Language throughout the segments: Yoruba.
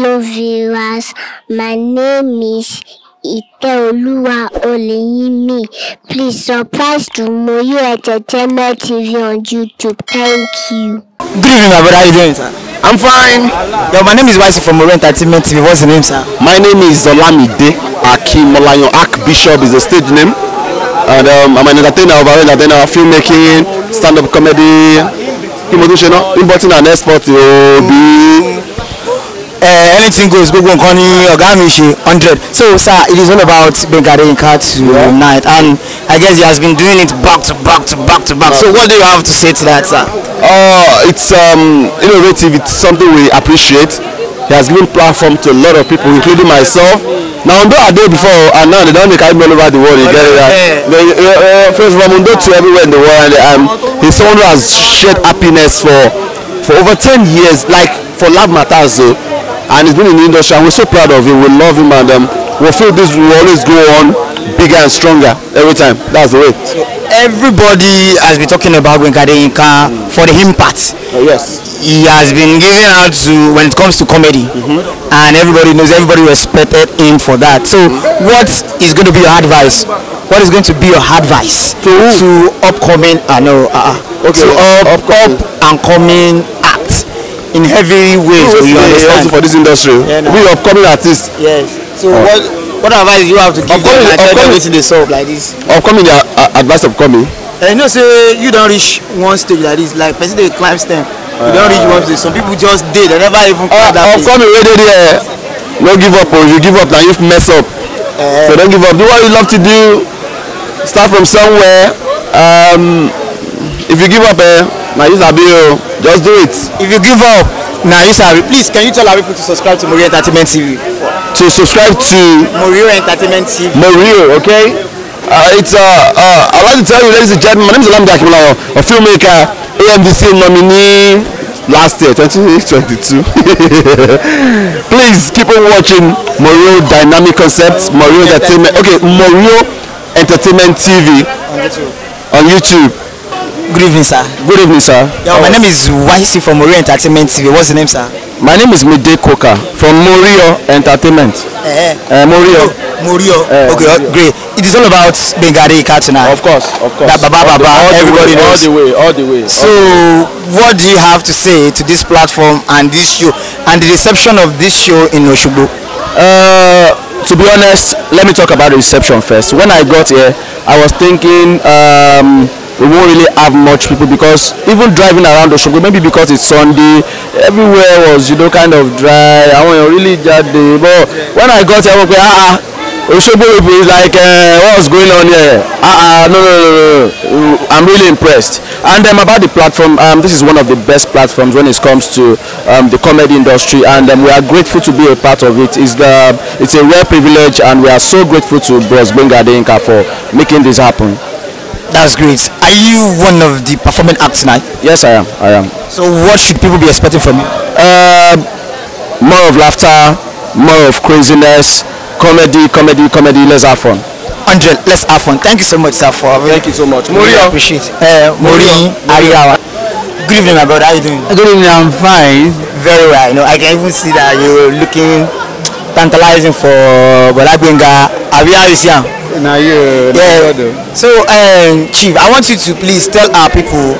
Hello viewers, my name is Iteoluwa Oleyimi. Please subscribe to Moyo Entertainment TV on YouTube. Thank you. Good evening, my brother. How are you doing, sir? I'm fine. Yo, my name is Wise from Moyo Entertainment TV. What's your name, sir? My name is Olamide Akimolayo. Archbishop is the stage name. And um, I'm an entertainer of our entertainer, filmmaking, stand-up comedy, kí importing and exporting ooo oh, uh, anything goes gbogbo nǹkan ni ọ̀gá mi ṣe hundred. so sir it is all about Gbenga Adeyinka tonight yeah. and I guess he has been doing it back to back to back to back. so what do you have to say to that sir. Uh, it's um, innovative it's something we appreciate he has given platform to a lot of people including myself na Ondo I dey before and now they don dey carry me all over the world you get it right they uh, uh, from Ondo to everywhere in the world and um, he's someone who has shared happiness for for over ten years like for lab matters o and he's been in the industry and we're so proud of him we love him and um, we feel this will always go on bigger and stronger every time that's the way. So everybody has been talking about Gbenga Adeyinka mm. for the impact. Oh, yes. He has been giving out to when it comes to comedy mm-hmm. and everybody knows everybody respected him for that. So mm-hmm. what is going to be your advice? What is going to be your advice to, to upcoming? I uh, know. Uh, okay. To up, up, and coming in heavy ways so you understand also for this industry yeah, nah. we upcoming artists yes so uh. what what advice you have to give upcoming, them and tell them wetin dey sup like this. upcoming na uh, advice upcoming. Uh, you know say you don reach one stage like this like person dey climb stem you don reach one stage some people just dey they never even climb uh, ah, that place. upcoming wey dey there no give up o oh. you give up na you mess up uh, so don give up do what you love to do start from somewhere um, if you give up. Uh, na you sabi o oh, just do it. if you give up na you sabi please can you tell our people to subscribe to Morio Entertainment TV. to subscribe to. Morio Entertainment TV. Morio okay. Uh, it's uh, uh, I'd like to tell you ladies and gentlemen my name is Olamide Akimolawo a filmmaker AMDC nominee last year 2022 please keep on watching Morio Dynamic Concepts Morio Entertainment okay Morio Entertainment TV on YouTube on YouTube Good evening, sir. Good evening, sir. Yo, oh. my name is YC from Morio Entertainment TV. What's your name, sir? My name is Mide Koka from Morio Entertainment. Eh, Uh, Morio. Morio. Eh, okay, Morio. great. It is all about Bengali Katuna. Of course, of course. That Baba all Baba, all everybody way, knows. All the way, all the way. So, the way. what do you have to say to this platform and this show and the reception of this show in Oshogbo? Uh, to be honest, let me talk about the reception first. When I got here, I was thinking. Um, we won't really have much people because even driving around Oshogbo, maybe because it's Sunday everywhere was you know kind of dry àwọn èèyàn really jáde but when I got here mo pe ah ah Osogbo people is like uh, what's going on here ah ah no no no no I'm really impressed and um, about the platform um, this is one of the best platforms when it comes to um, the comedy industry and um, we are grateful to be a part of it it's, the, um, it's a rare privilege and we are so grateful to Bros Gbenga Adeyinka for making this happen. That's great. Are you one of the performing acts tonight? Yes, I am. I am. So, what should people be expecting from you? Uh, more of laughter, more of craziness, comedy, comedy, comedy. Let's have fun. Andre, let's have fun. Thank you so much, sir, for having Thank you so much. Mori, really appreciate it. Uh, Mori, Ariawa. Good evening, my brother. How are you doing? Good evening. I'm fine. Very well. You know, I can even see that you're looking tantalizing for Bola Benga. How are you, sir? Now you. Yeah. So, um, Chief, I want you to please tell our people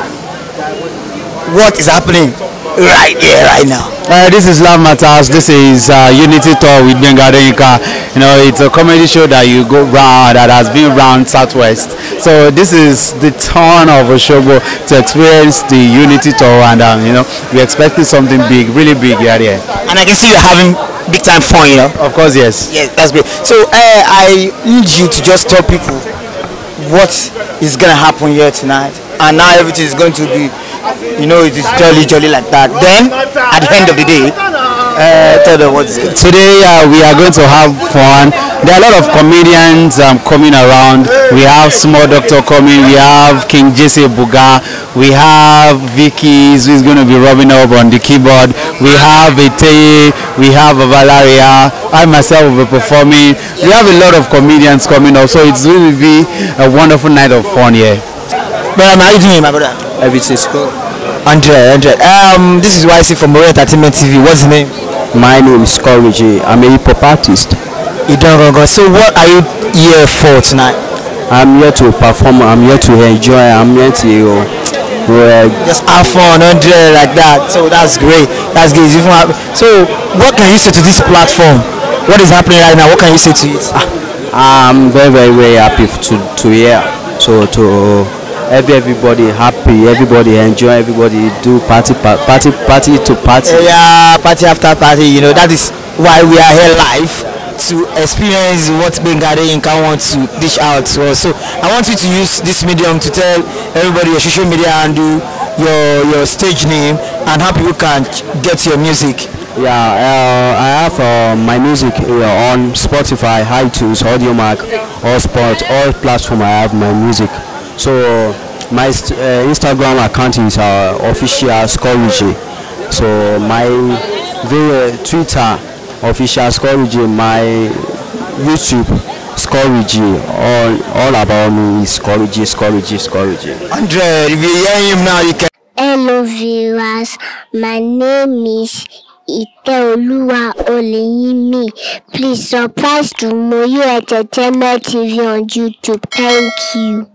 what is happening right here, right now. Uh, this is Love Matters. This is uh, Unity Tour with Benga You know, it's a comedy show that you go round that has been round Southwest. So this is the turn of Oshogo to experience the Unity Tour, and um, you know, we're expecting something big, really big, here. yeah. And I can see you're having big time fun, you know? Of course, yes. Yes, that's great. So uh, I need you to just tell people what is going to happen here tonight. And now everything is going to be, you know, it is jolly, jolly like that. Then, at the end of the day, uh, tell them what's Today, uh, we are going to have fun. There are a lot of comedians um, coming around. We have Small Doctor coming. We have King Jesse Buga. We have Vicky, who is going to be rubbing up on the keyboard. We have Eteye. We have Valeria. I myself will be performing. We have a lot of comedians coming up. So it's going to be a wonderful night of fun here. But how are you doing, my brother? Everything's cool. Andre. Andre. Um, this is YC from Moray Entertainment TV. What's his name? My name is Corey J. I'm a hip hop artist. Idangogo. So what are you here for tonight? I'm here to perform. I'm here to enjoy. I'm here to uh, just have fun, don't do it like that. So that's great. That's great. So what can you say to this platform? What is happening right now? What can you say to it? Ah, I'm very, very, very happy to to hear. So to every everybody happy, everybody enjoy, everybody do party party party to party. Yeah, party after party. You know that is why we are here live. to experience what Bengali Inca wants to dish out to us. So I want you to use this medium to tell everybody your social media and do your, your stage name and how people can get your music. Yeah, uh, I have uh, my music on Spotify, iTunes, Audio Allspot, all platform I have my music. So my uh, Instagram account is uh, official Scoruji. So my Twitter official Scourge, my YouTube Scourge, all, all about me is Scourge, Scourge, Scourge. Andre, if you hear him now, you can. Hello viewers, my name is Iteoluwa Oleyimi. Please surprise to Moyo Entertainment TV on YouTube. Thank you.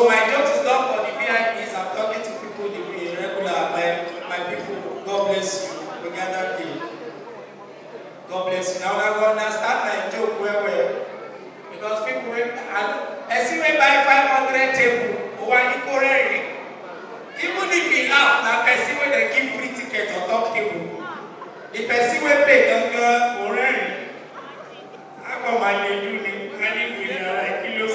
So my job is not for the VIPs. I'm talking to people the regular. My, my people, God bless you. We gather here. God bless you. Now I will understand my job well, well. Because people, and I you may buy 500 table, or an equal even if he laugh na person wey they give free tickets or top table the person wey pay gangan kò rẹ́rìn-ín agbọ̀n máa lè dùn ní ká ní ìgbìyànjú àìkí ló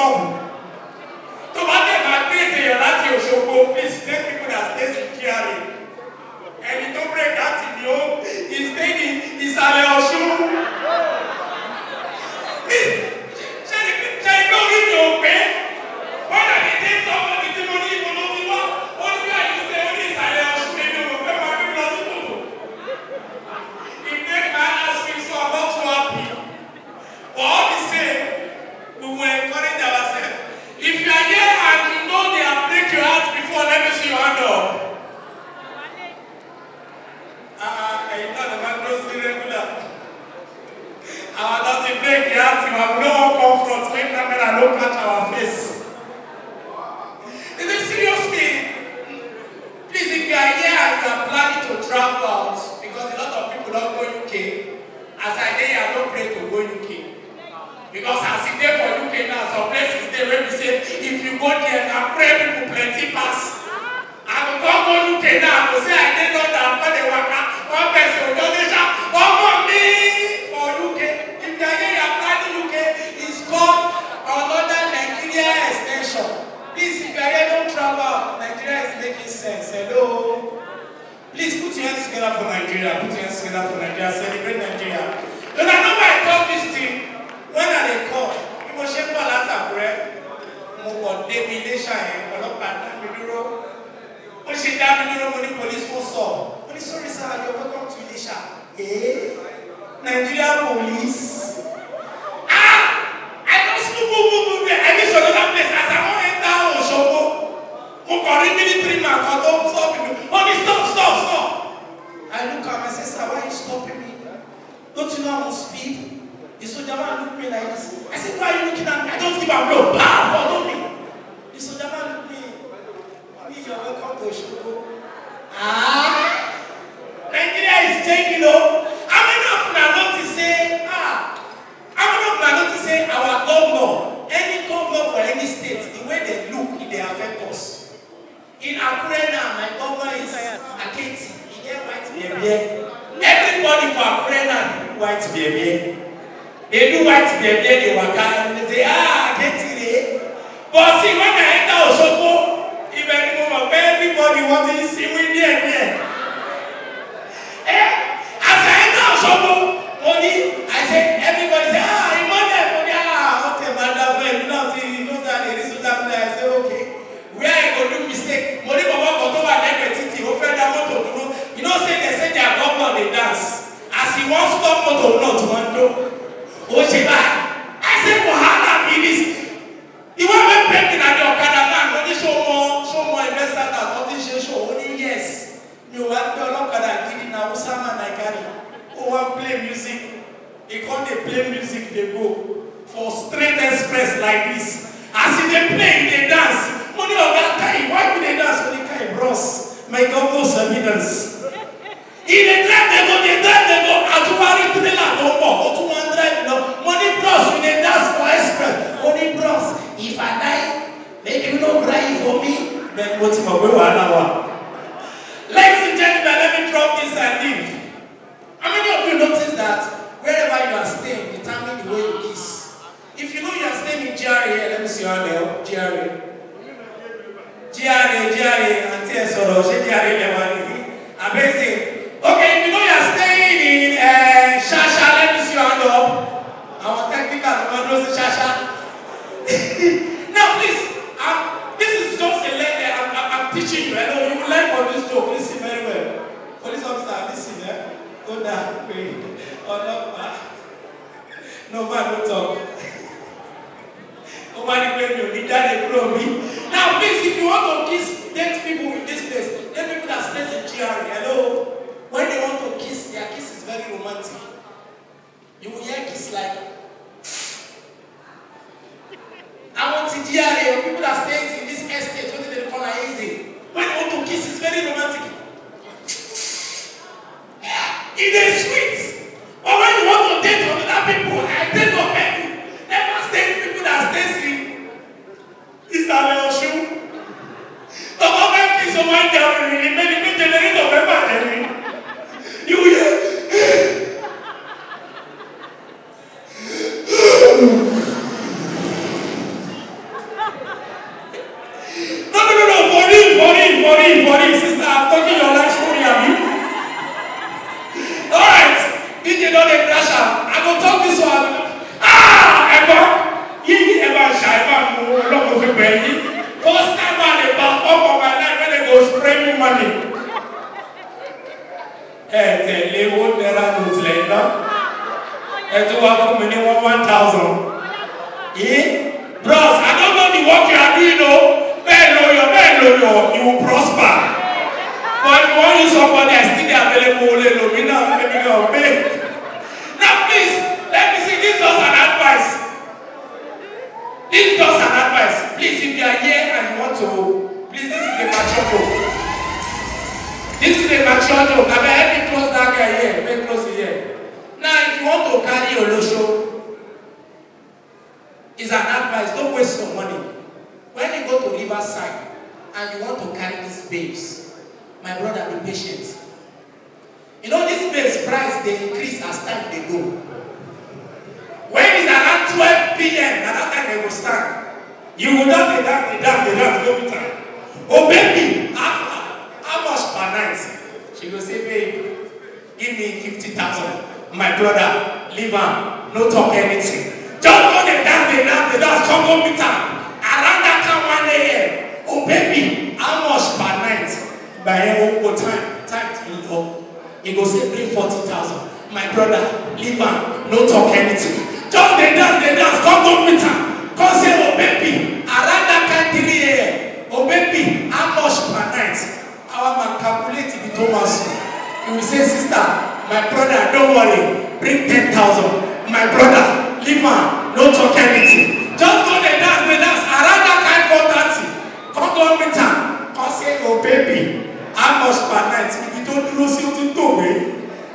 Go. Nigeria, put your together for Nigeria, celebrate Nigeria. Don't I know why I talk this team. When I dey call, you must ṣe ń bọ̀ láti Àkúrẹ́, mo kàn débi iléṣà yẹn, ọlọ́pàá dá mi dúró. Ó ṣe dá mi dúró, mo police mo sọ. Mo ní sorry sir, you are welcome to Iléṣà. Nigeria police. music. He come dey play music They go for straight express like this. As he they play, they dance. Money of that time, why we they dance for the kind bros? My God knows evidence. He dey drive, they go, they drive, they go. Àtúwárí trailer tó ń bọ̀, ó tún wọn drive no Money bros, we they dance for express. Money bros, if I die, make you no cry for me. Bẹ́ẹ̀ni mo ti mọ̀ pé wàhálà wà. Ladies and gentlemen, let me drop this and leave. How many of you notice that wherever you are staying determine the way you kiss? If you know you are staying in GRA, let me see your hand now, oh, GRA. GRA, GRA, Auntie Esoro, she GRA never Amazing. Okay, if you know you are staying in uh, eh, Shasha, let me see your hand up. Oh. Our technical, the one knows Shasha. now, please, I'm No man, no talk. ó máa ní pé mi ò ní jáde kúrò mi. Now please if you want to kiss date people in this place date people that stay in GRA hello when they want to kiss their kiss is very romantic you will hear kiss like. àwọn ti GRA o people that stay in this estate wey dey dey call na easy when they want to kiss is very romantic. Yeah, it dey sweet. But when you want to date with other people, I date your people. Never stay with people that stay sick. Ìsàlẹ̀ Ọ̀ṣun. Tọ́kọ bá kí sọmọ ẹja rìnrìn ní mẹ́rin pé jẹnẹrétọ̀ fẹ́ bàjẹ́ ni. You hear? No, no, no, no, for real, for real, for real, for real, sister, I'm talking your life. you no dey crash am i go talk this one ah ẹ̀gbọ́ yíyí ẹ̀ máa ṣá ẹ̀ máa mú ọlọ́kùn fi pẹ̀ yí first time i dey back up on my life when i go spray me money ẹ tẹ̀lé owó náírà ló tilẹ̀ iná ẹ tó wá fún mi ní one one thousand yìí bros i don know the work you are doing o bẹ́ẹ̀ ló yọ bẹ́ẹ̀ ló yọ you will prosper but when you support them still dey available o lè lò mí náà ẹ̀mí náà bẹ́ẹ̀ least, let me see, this just an advice. This just an advice. Please, if you are here and you want to, please, this is a mature book. This is a mature book. I mean, help me close that guy here. Let me close here. Now, if you want to carry your lotion, is an advice. Don't waste your money. When you go to Riverside and you want to carry these babes, my brother, be patient. You know, this place price they increase as time they go. When it's around 12 p.m., at that time they will start. You will not be that, be that, be that, no time. Oh, baby, how, how much per night? She will say, babe, give me fifty thousand. My brother, leave him, no talk anything. Just go there, that's the that's the that's come home with her. Around that time, 1 a.m. Oh, baby, how much per night? By your own time. He go say bring forty thousand my brother leave her, no talk anything just dey dance dey dance come go meet am come say oh baby around that country here. am oh baby how much per night our man calculate the thomas he will say sister my brother don't worry bring ten thousand my brother leave her, no talk anything just go dey dance dey dance around that kind four thirty come go meet am come say oh baby how much per night ibi tó dúró sí ó ti ń tòwé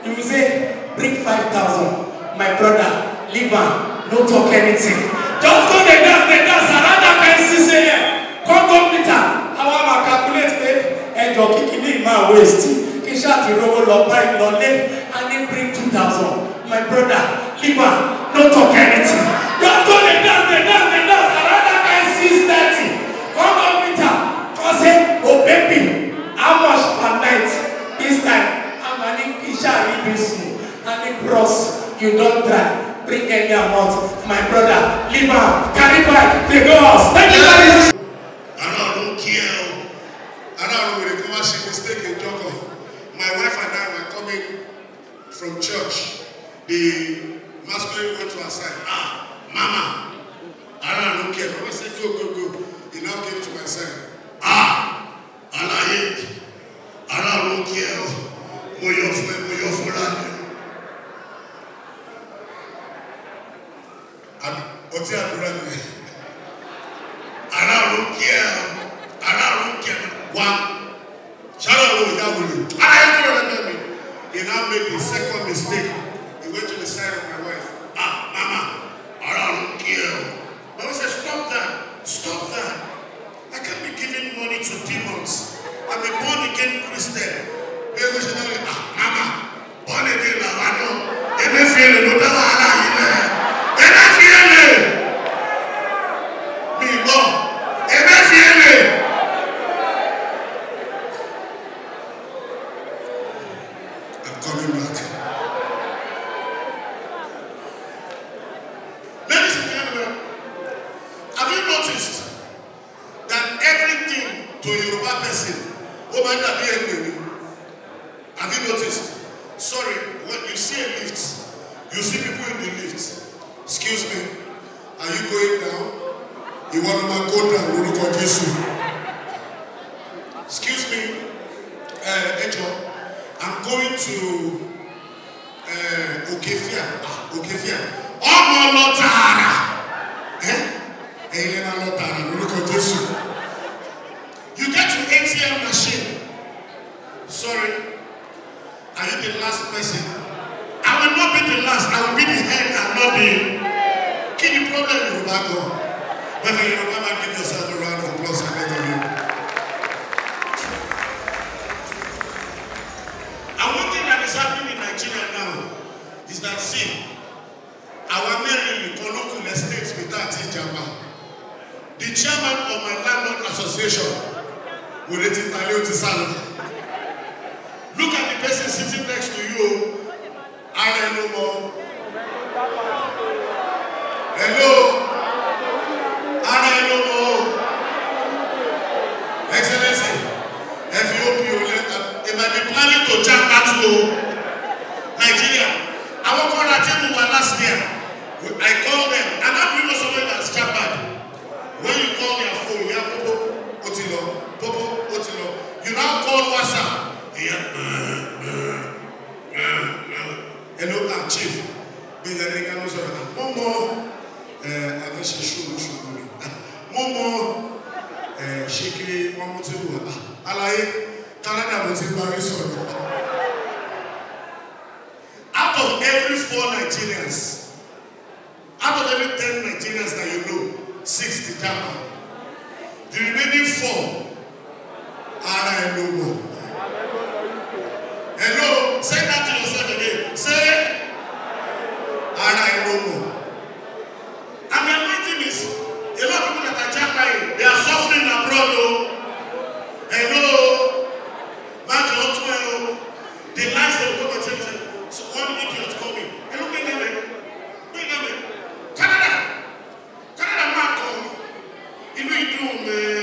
he will say bring five thousand my brother leave am no talk anything just go dey dance dey dance around that kind six a.m. come go meet am àwa ma calculate pé ẹjọ kìkì ní ìmọ̀ àwọn èsì kí ṣáàtì rówó lọ báyìí lọ lé i need bring two thousand my brother leave am no talk anything just go dey dance dey dance dey dance. this month. Any bros you don't try, bring any amount. My brother, leave out, carry back, they go house. Thank you, guys. And I don't care. And I will recover she mistake in Joko. My wife and I were coming from church. The masculine went to her side. Ah, mama. And I don't care. Mama said, go, go, go. He now came to my side. Ah, and I hate. I don't care mo yọ fún ẹ mo yọ fún lánàá àmì ọtí àdúrà mi aláàrú kí ẹ aláàrú kí ẹ wá wo ìyá wo ni aláàrú kí ẹ lẹ́nu mi he now made the second mistake he went to the side of my wife ah mama aláàrú kí ẹ mama said, stop that stop that I can't be giving money to demons I'm a born again Christian gbégbé ṣe lórí àmàmà bọ́ọ̀lì ní ìlànà náà ẹgbẹ́ fi èlè ló dá wàhálà yìí lẹ̀ ẹgbẹ́ fi èlè mi lọ ẹgbẹ́ fi èlè. òkèfíà òkèfíà ah, ọmọ lọ tààrà ẹyin lẹ́nu lọ lórúkọ Jésù you get to ATM machine sorry are you the last person I will not be the last I will be the head and not the kí ni problem Yorùbá gan bẹ́ẹ̀ ni Yorùbá máa give yourself a round of applause I beg of you. Sitasin àwa mẹ́rin nìkan ló kù ní state peter àti ìjàmbá the chairman of my landlord association will ti ta lé o ti sá look at the person sitting next to you o ara ẹnu more? hello. you,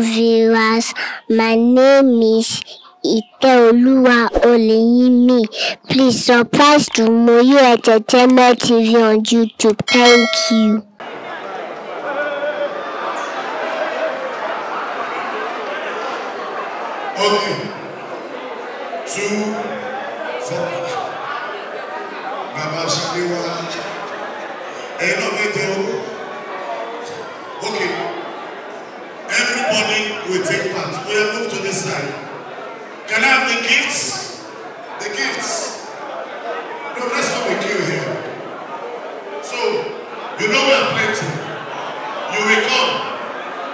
viewers, my name is Iteoluwa Oleyimi. Please subscribe to Moyo Entertainment TV on YouTube. Thank you. Okay. Two. will take part. We will move to this side. Can I have the gifts? The gifts. No, that's not the queue here. So, you know we are plenty. You will come.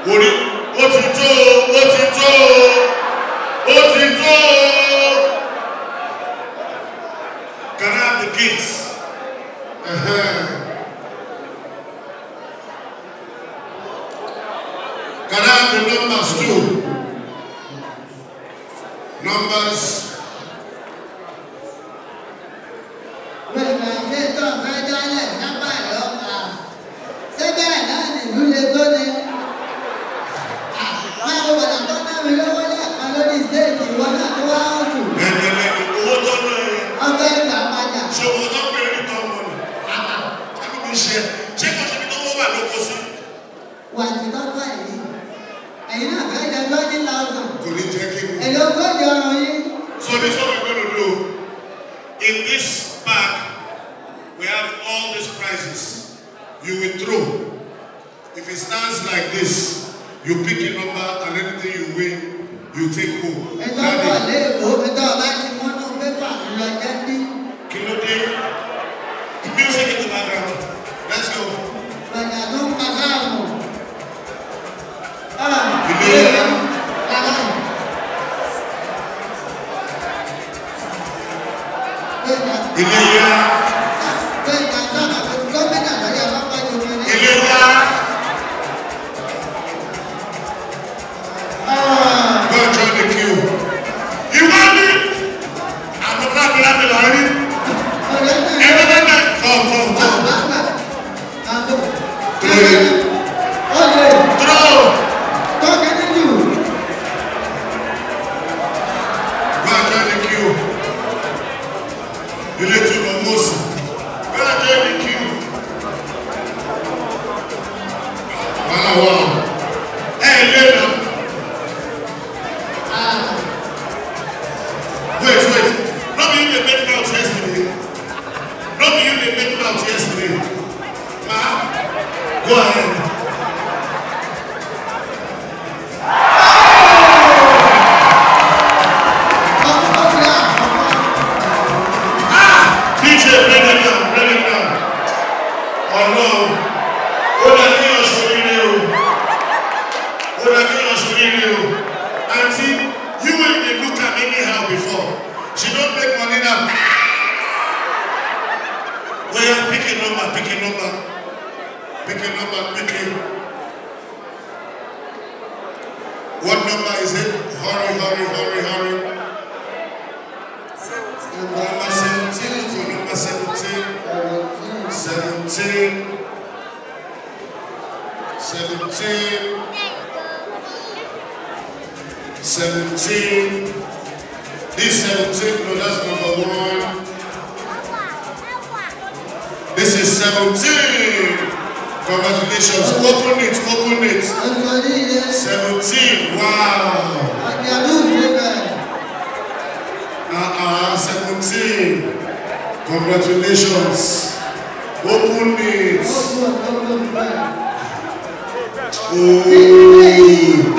What you what you do, what you do, what you do. Can I have the gifts? Uh-huh. But I have the numbers too. Numbers. Wait a minute, this number doesn't number, look. Say that, is what we're going to do. In this pack, we have all these prizes. You withdraw. If it stands like this, you pick a number and anything you win, you take home. Daddy. Music in the background. Let's go. Ilé ẹ̀rọ. Congratulations. Open it. Oh.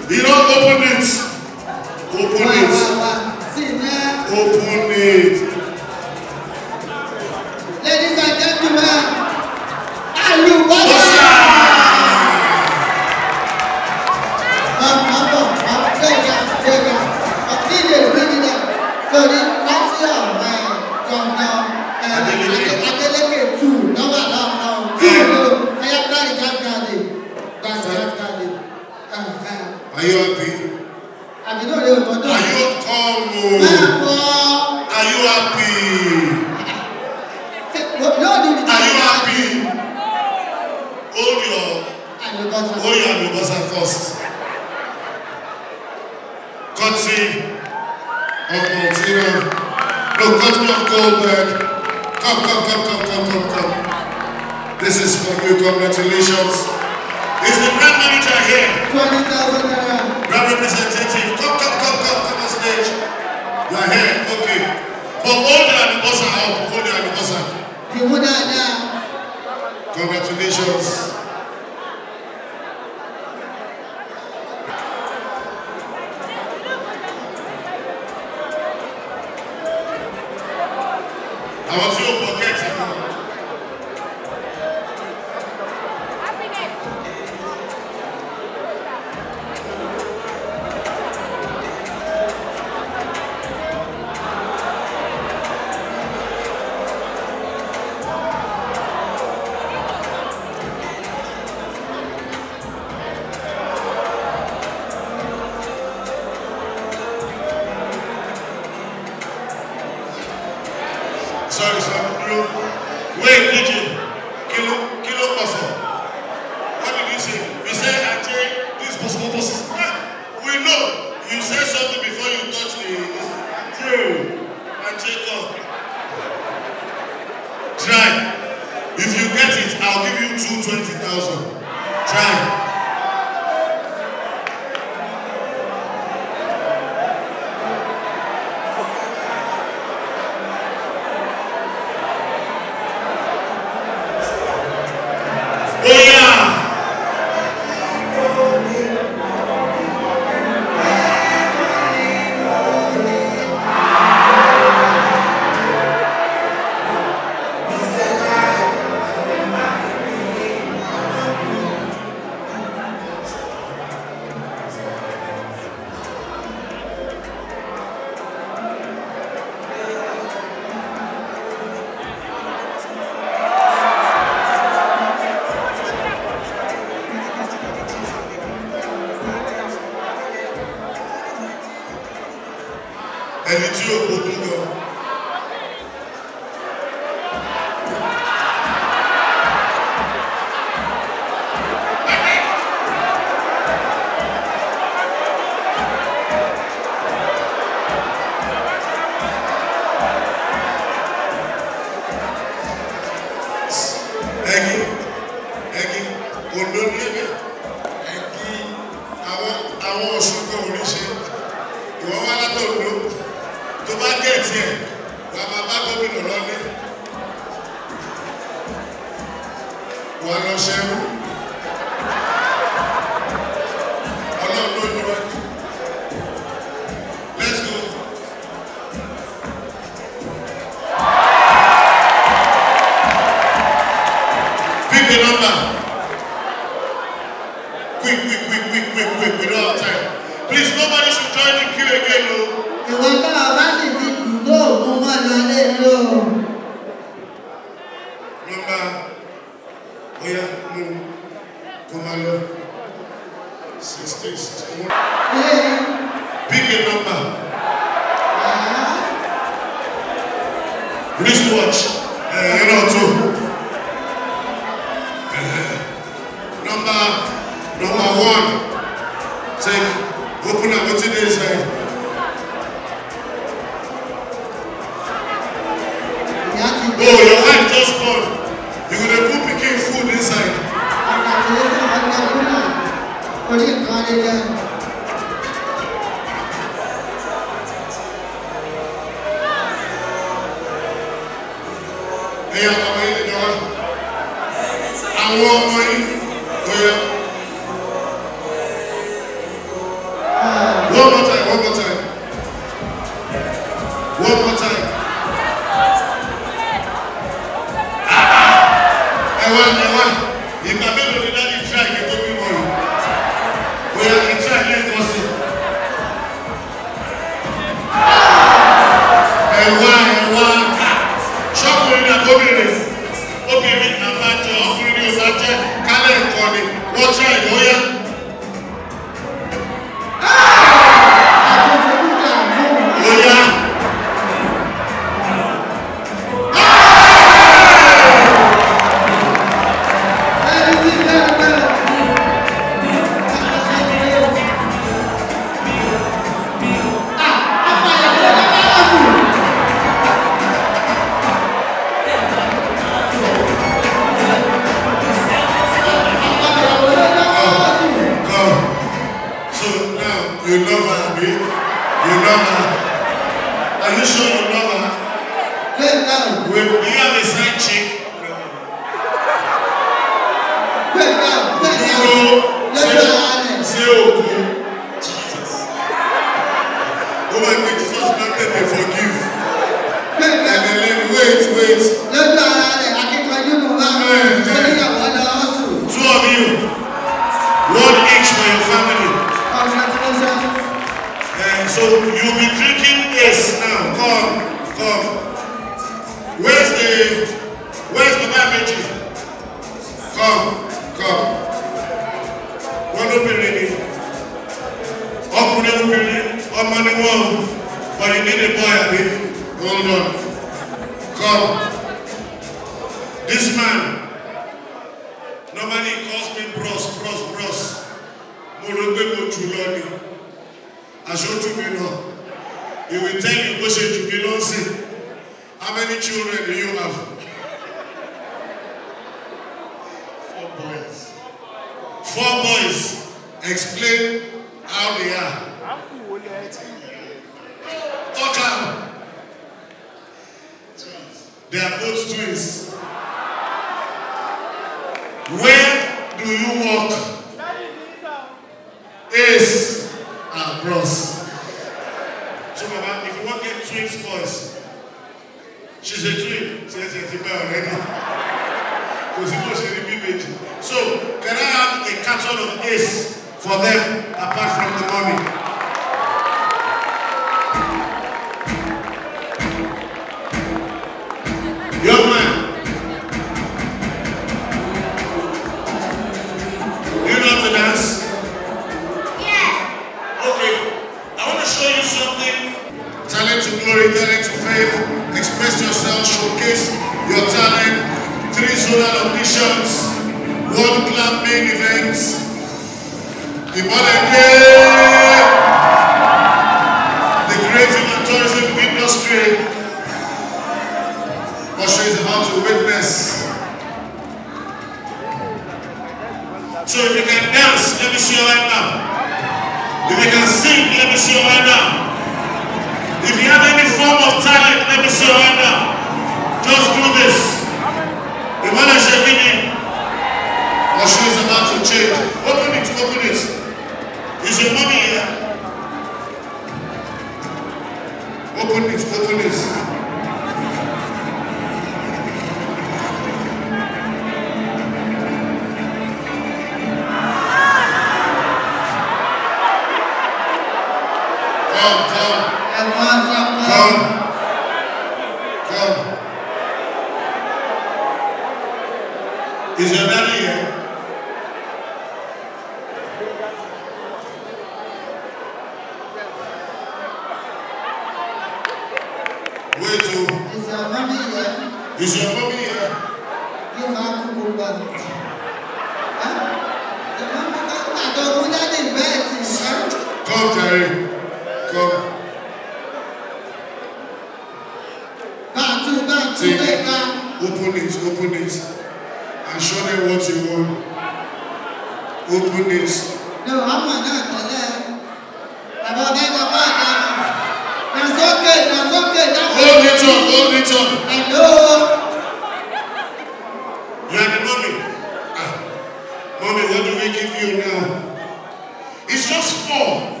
four.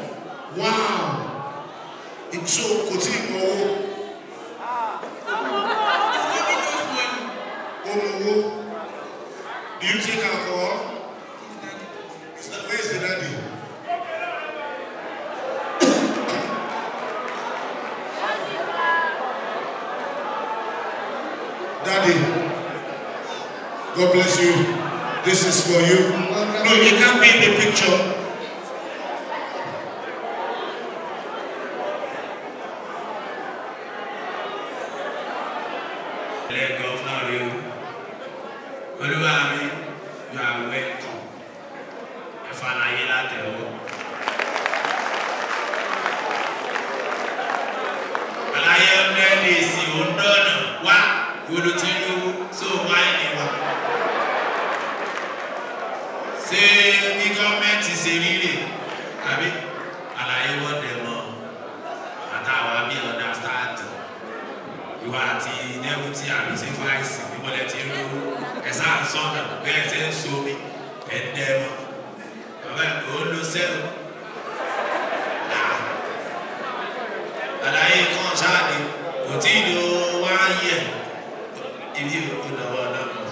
Wow. so took Oh, Do you take alcohol? Is that, where's the daddy? daddy, God bless you. This is for you. No, you can't be in the picture. lẹ́ẹ̀kan fún ọ̀rẹ́ o olúwa mi yọ àwọ̀ ẹ̀kọ́ ẹ̀fọ́ aláyé látẹ̀wọ́. aláyé ọ̀dọ́ ẹ̀ lè sìn ó ń dọ̀nà wá olùtí lówó tó wá ìníwá. ṣé bí gọ́ọ̀mẹ̀ntì ṣe rí sí àmì sí fáìsì ìbọ̀lẹ̀ tí ń lo ẹ̀sà àsọ̀nà bẹ́ẹ̀ ṣe ń somi ẹ̀dẹ̀ mọ́ bàbá ò ń lo sẹ́wù. Ah! àlàyé kan ṣáàdì kò tí ì lo wáyé ibi ìdàwọ̀ ọ̀dọ́mọ̀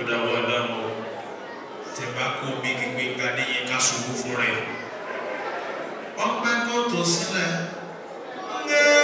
ìdàwọ̀ ọ̀dọ́mọ̀ tẹ̀ bá kó mi gbígbé gbadéyìn ká ṣubú fún rẹ̀ ọgbẹ́ kó sílẹ̀ ń gẹ́ẹ́.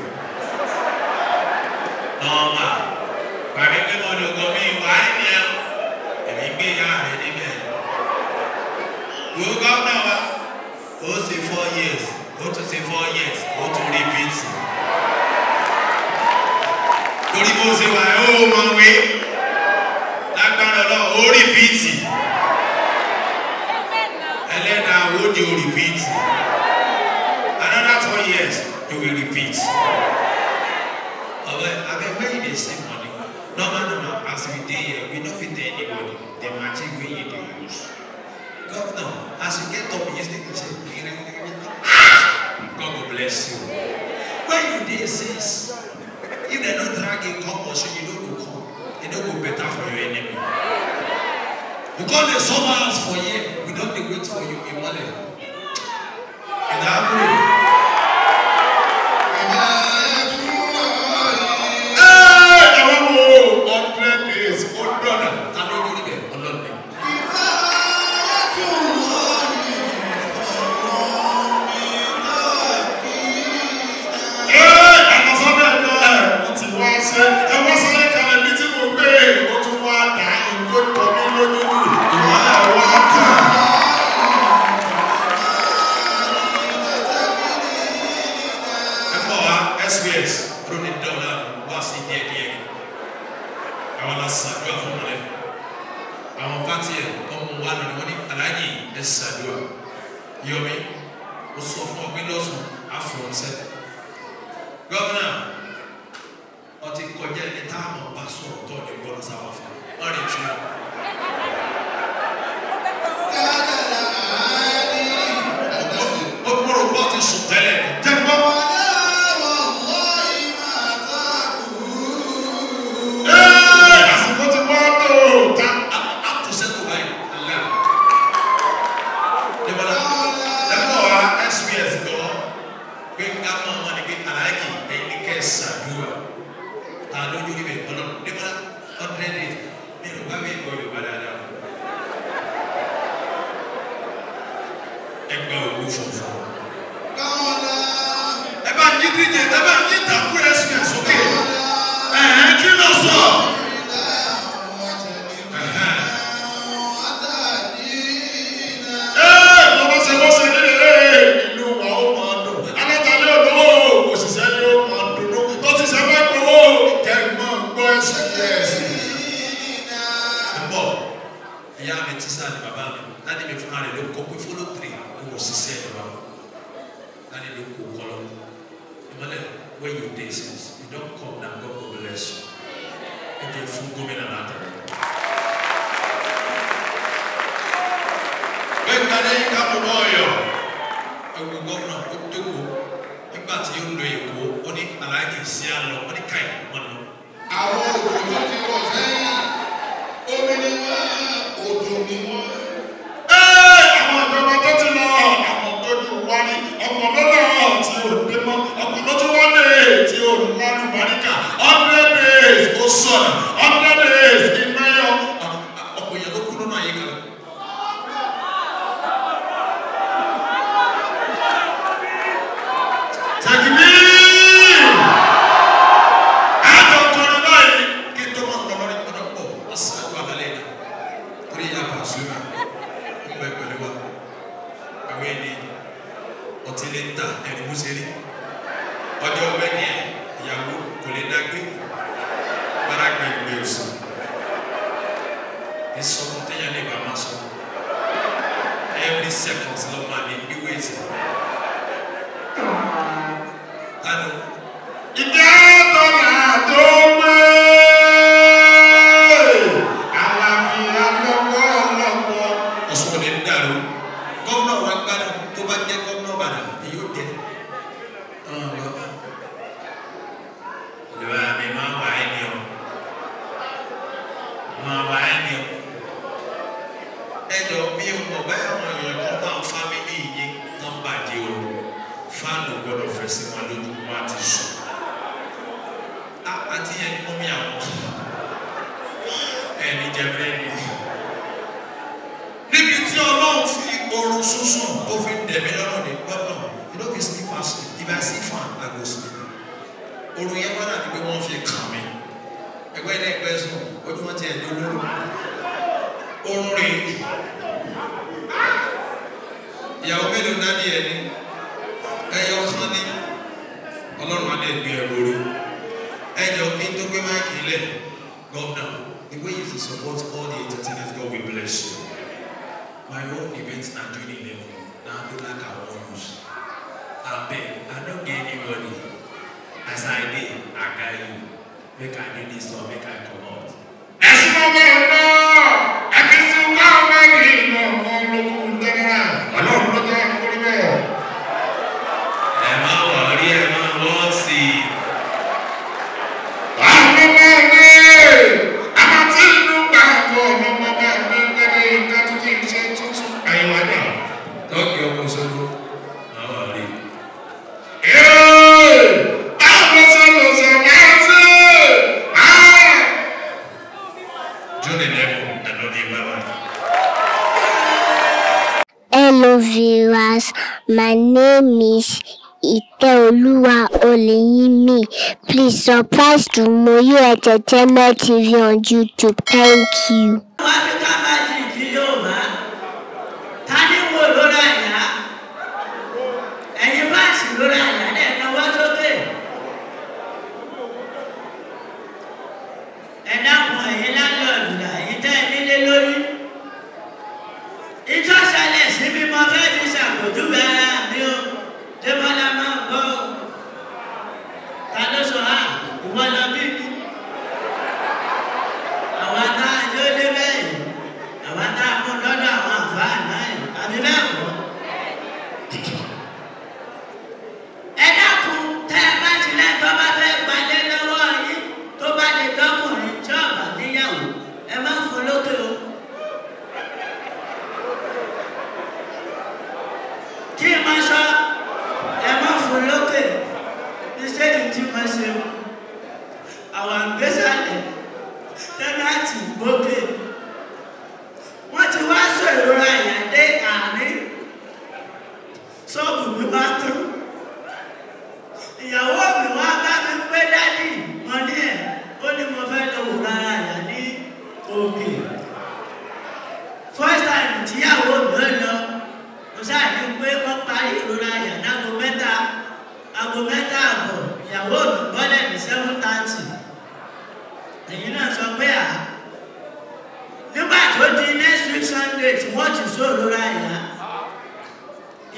yes ó tún repeat torí bó ṣe wà ẹ́ ó mọ̀ wé. seconds, Lord, man, in new ways. following me. Please surprise to Moyo Entertainment TV on YouTube. Thank you. aago mẹ́ta àbọ̀ ìyàwó olùbọ́lẹ̀ ní seven thirty ẹ̀yin náà sọ pé à nígbà tó di next week sunday tí wọ́n ti sọ òrora ìyá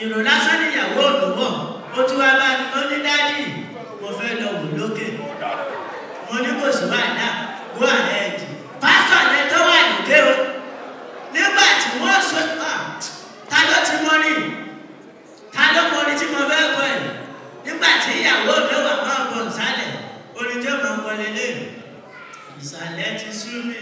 ìrò lásán ni ìyàwó olùwọ̀ ó ti wá bá mi lóní dádì mo fẹ́ lọ wò lókè mo ní kò sí wàdà go ahead pásítọ̀ lẹ tó wà nídé o nígbà tí wọ́n sọ ta ló ti mọ́rin ta ló mọ́rin tí mo fẹ́ kọ́ ẹ nígbà tí ìyàwó mi wà máa bọ̀ ìsàlẹ̀ orin tí ó máa wọlé lé ìsàlẹ̀ ti sú mi.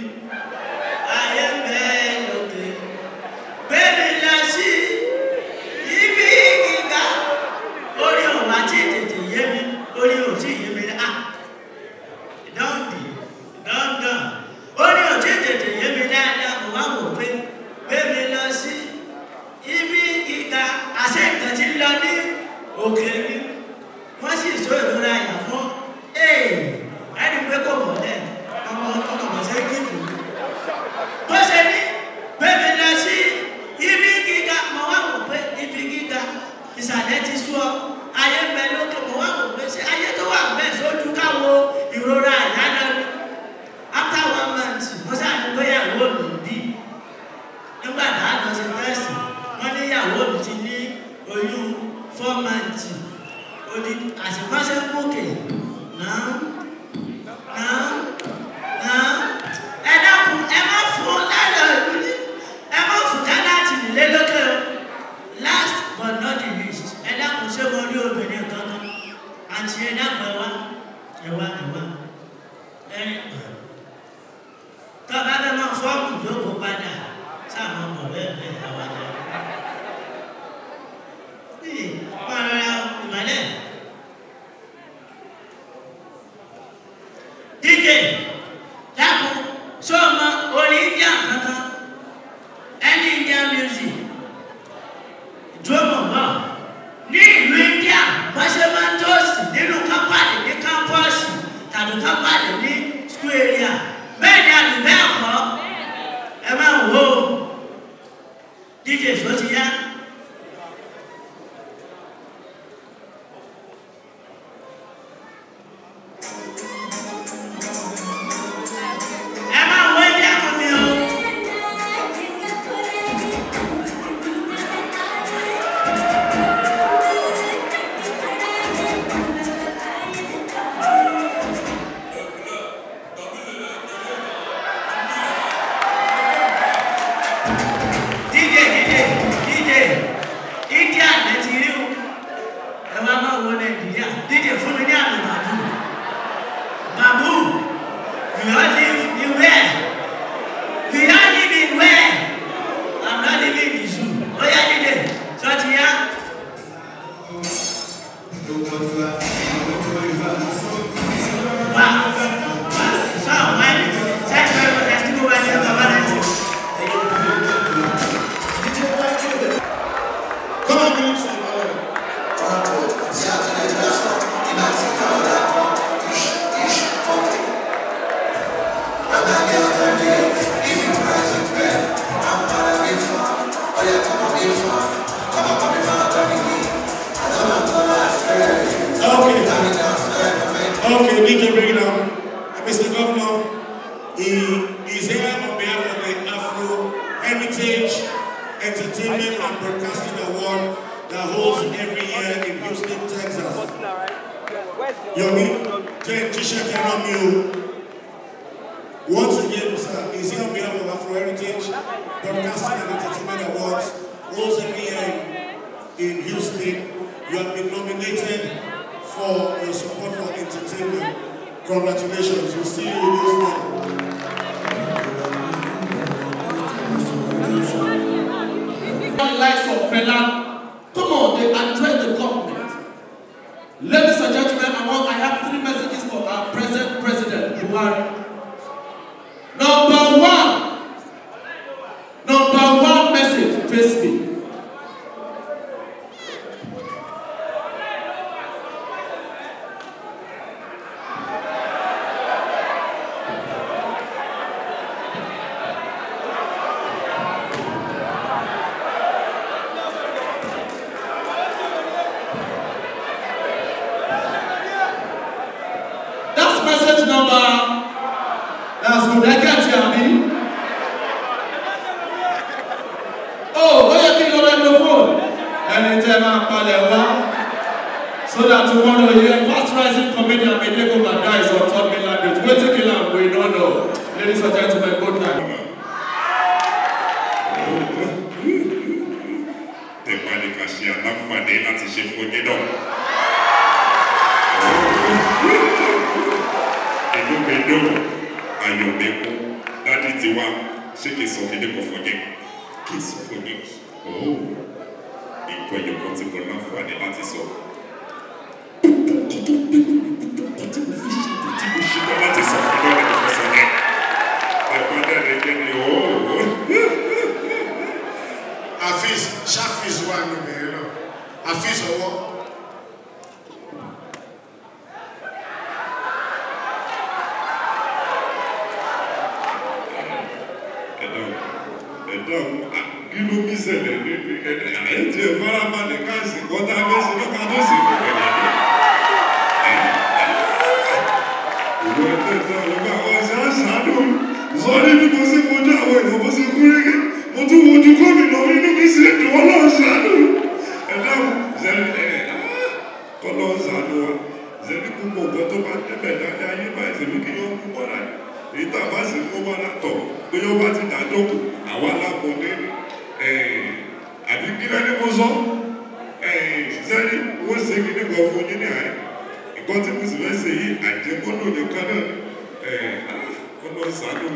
ṣàánú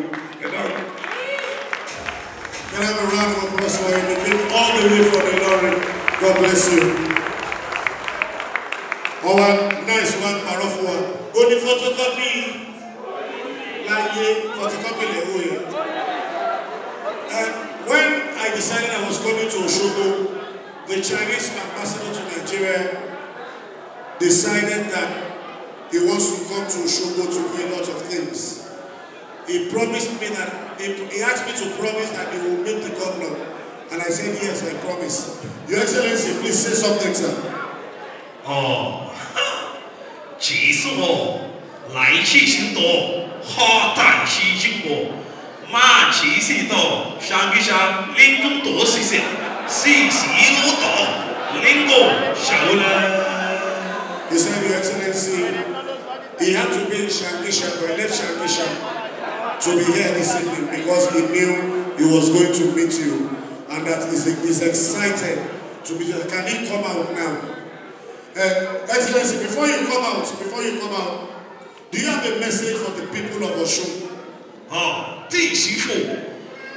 ẹ̀dá mi. Can I have a round of applause for him? He all the way the Lord. God bless you. Ọwa nice one parọ́ rough one. Ó ní photocopy láyé photocopy lè wò When I decided I was coming to Osogbo, the Chinese ambassador to Nigeria decided that he wants to come to Osogbo to do a lot of things. He promised me that, he, he asked me to promise that he will meet the governor. And I said, yes, I promise. Your Excellency, please say something, sir. Oh, He said, Your Excellency, he had to be in Shangisha, but he left Shangisha to be here this evening because he knew he was going to meet you and that he's, he's excited to be here. Can he come out now? Uh, Excellency, before you come out, before you come out, do you have a message for the people of Osun? Ah, 第十步，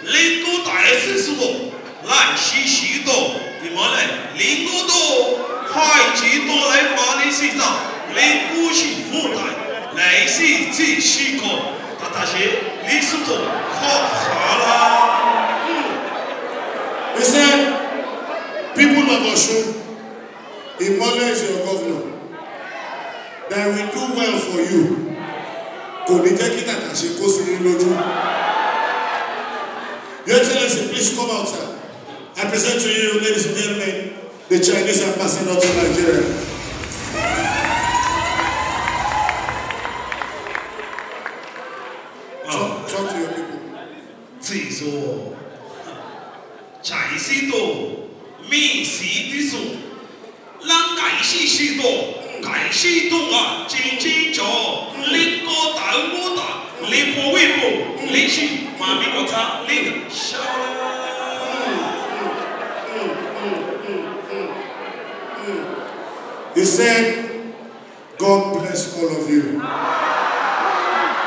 灵都大四十五，来西西多，你们嘞，灵都多，快几多来马里西上，灵都是富态，来是最西高。attaché lii surtout voilà. You see, people of Osun, Imole is your governor. They we do well for you. Kò ní jẹ́ kí tàtà ṣe kó sí yín lójú. Your Excellency, please come out, sir. I present to you, ladies and gentlemen, the Chinese ambassador to Nigeria. Chaisito. Chaisito means Sidisu. Lang Gai Shi Shito. Gai Shi Tunga. Chin Chin Cho. Lin Go Tao Muta. Lin Po Wipo. Lin Shi. Mami Ota. Lin Shao. He said, God bless all of you.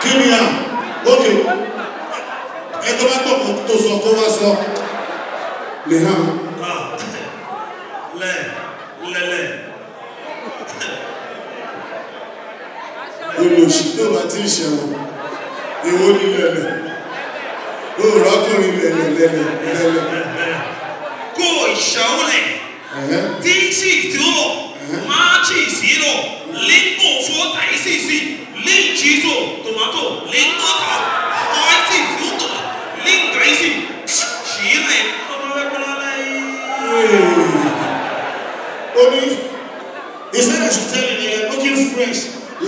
Give me ẹ tó bá tó kó tó sọ kó wá sọ lè hàn. Ah, lẹ lẹlẹ. olùsí tó bá ti ṣẹ̀wọ̀n èwo ni lẹ̀lẹ̀ olùrọ́kùnrin lẹ̀lẹ̀ lẹ̀lẹ̀ lẹ̀lẹ̀. kó ìṣàwọlẹ̀ tí sì tó máa jì sí lọ lẹ́kọ̀ọ́ fún tàyísí sí lẹ́jì tó tòmátò lẹ́kọ̀ọ́.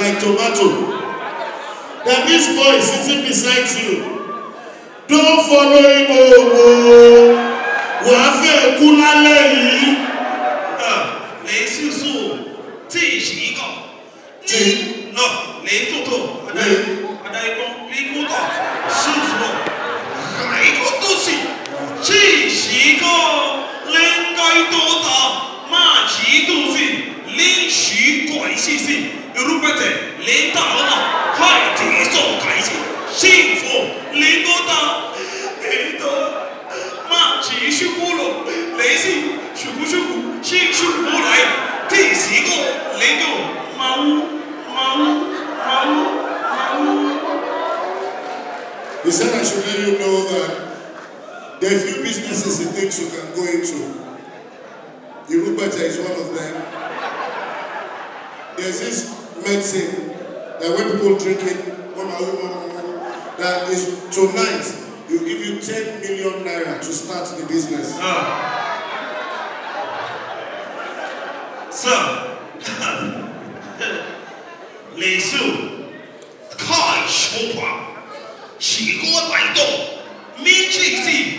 like tomato. That this boy sitting beside you. Don't follow him, oh, oh. wàá fẹ́ kú lálẹ́ yìí. Ah, lẹ́yìn sísú tí ìṣìyí kọ̀ ní lọ lẹ́yìn tótó adáyébọ́ lẹ́yìn kótó sísú lẹ́yìn kótó sí tí ìṣìyí kọ̀ lẹ́yìn kọ́ ìtòótọ́ máa ṣìyí tó sí lẹ́yìn ṣìyí kọ̀ ìṣìṣì. 이룹베테 린타오나 하이티 이소 가이지 신포 린도다 에이도 마치 슈구로 레이시 슈구슈구 신슈구라이 티시고 린도 마우 마우 마우 마우 He said I should let you know that there are few businesses and things you can go into. Irubata is one of them. There's this medicine, that when people drink it, that is tonight, you give you 10 million naira to start the business. Uh, so, Lei Kai Shopwa, Shi Guo Bai Dong, Mi Chi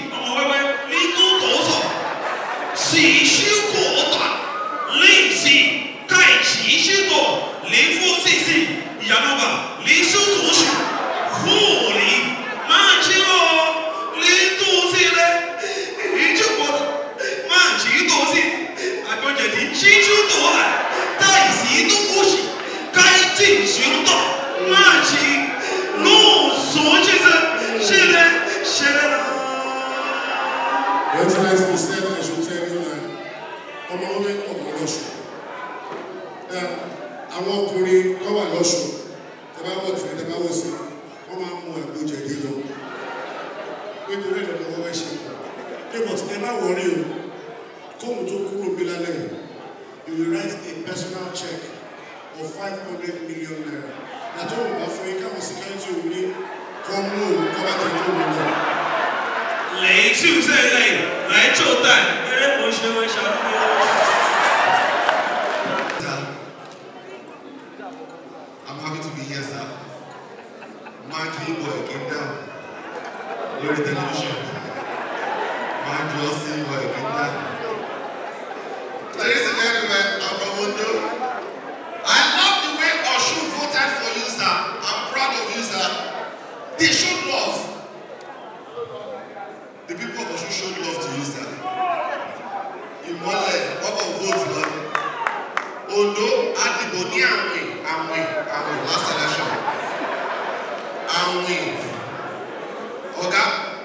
ọ̀gá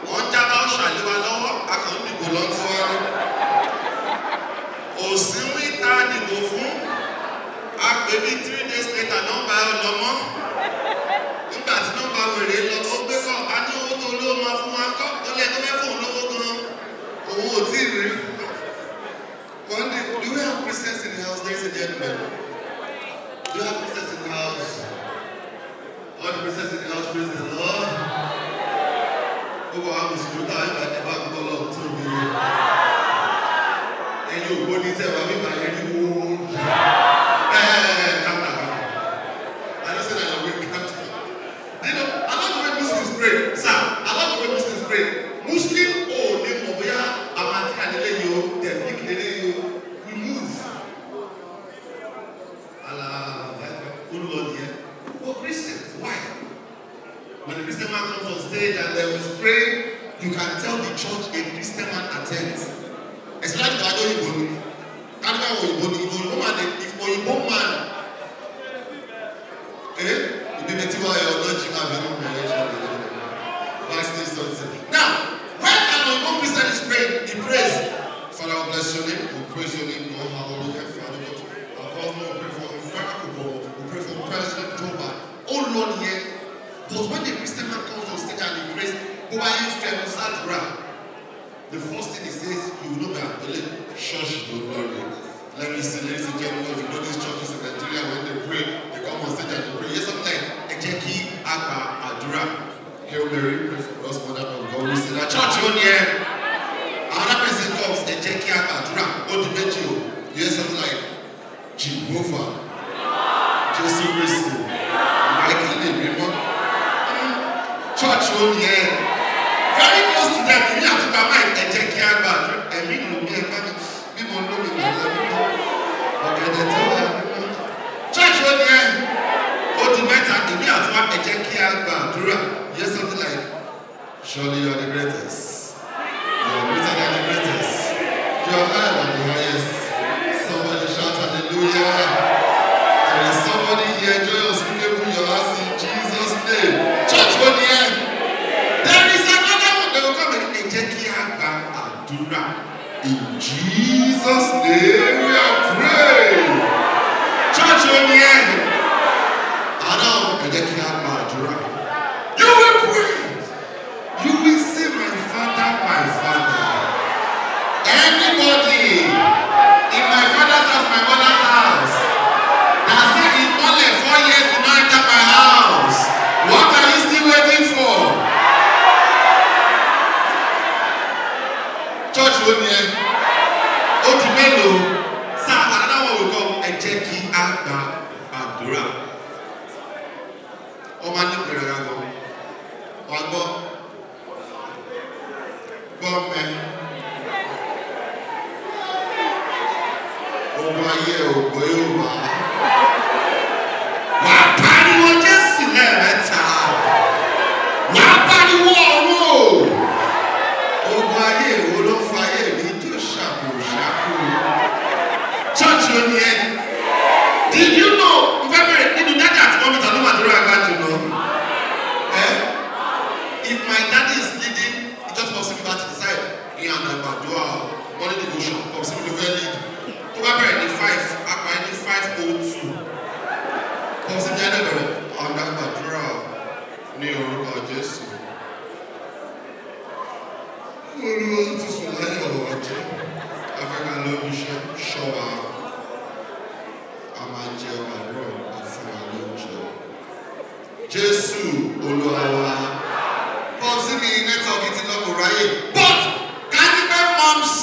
wọ́n jábá ṣàlíwá lọ́wọ́ akọ̀ǹdìbò lọ́tún wá ní. òsínwí ta dìbò fún apèbí three days later nọ́mbà ẹ lọ́mọ́ nígbà tí nọ́mbà wèrè lọ tó gbé kọ́ ọ̀tá ní owó tó ló máa fún wa kọ́ tó lẹ́ tó fẹ́ fóun lówó gan òun ò tí ì rí. wọ́n ní do we have Christians in the house there is a gentleman. máa jẹun àárọ̀ àfúnwa lóúnjẹ. Jésù Olúwa wa. Kọ́ sí mi nẹ́tọ̀kì ti lọ́kùnrin ráyè. But can you be mom's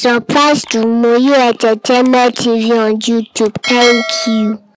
surprise to Moyo Entertainment TV on YouTube. Thank you.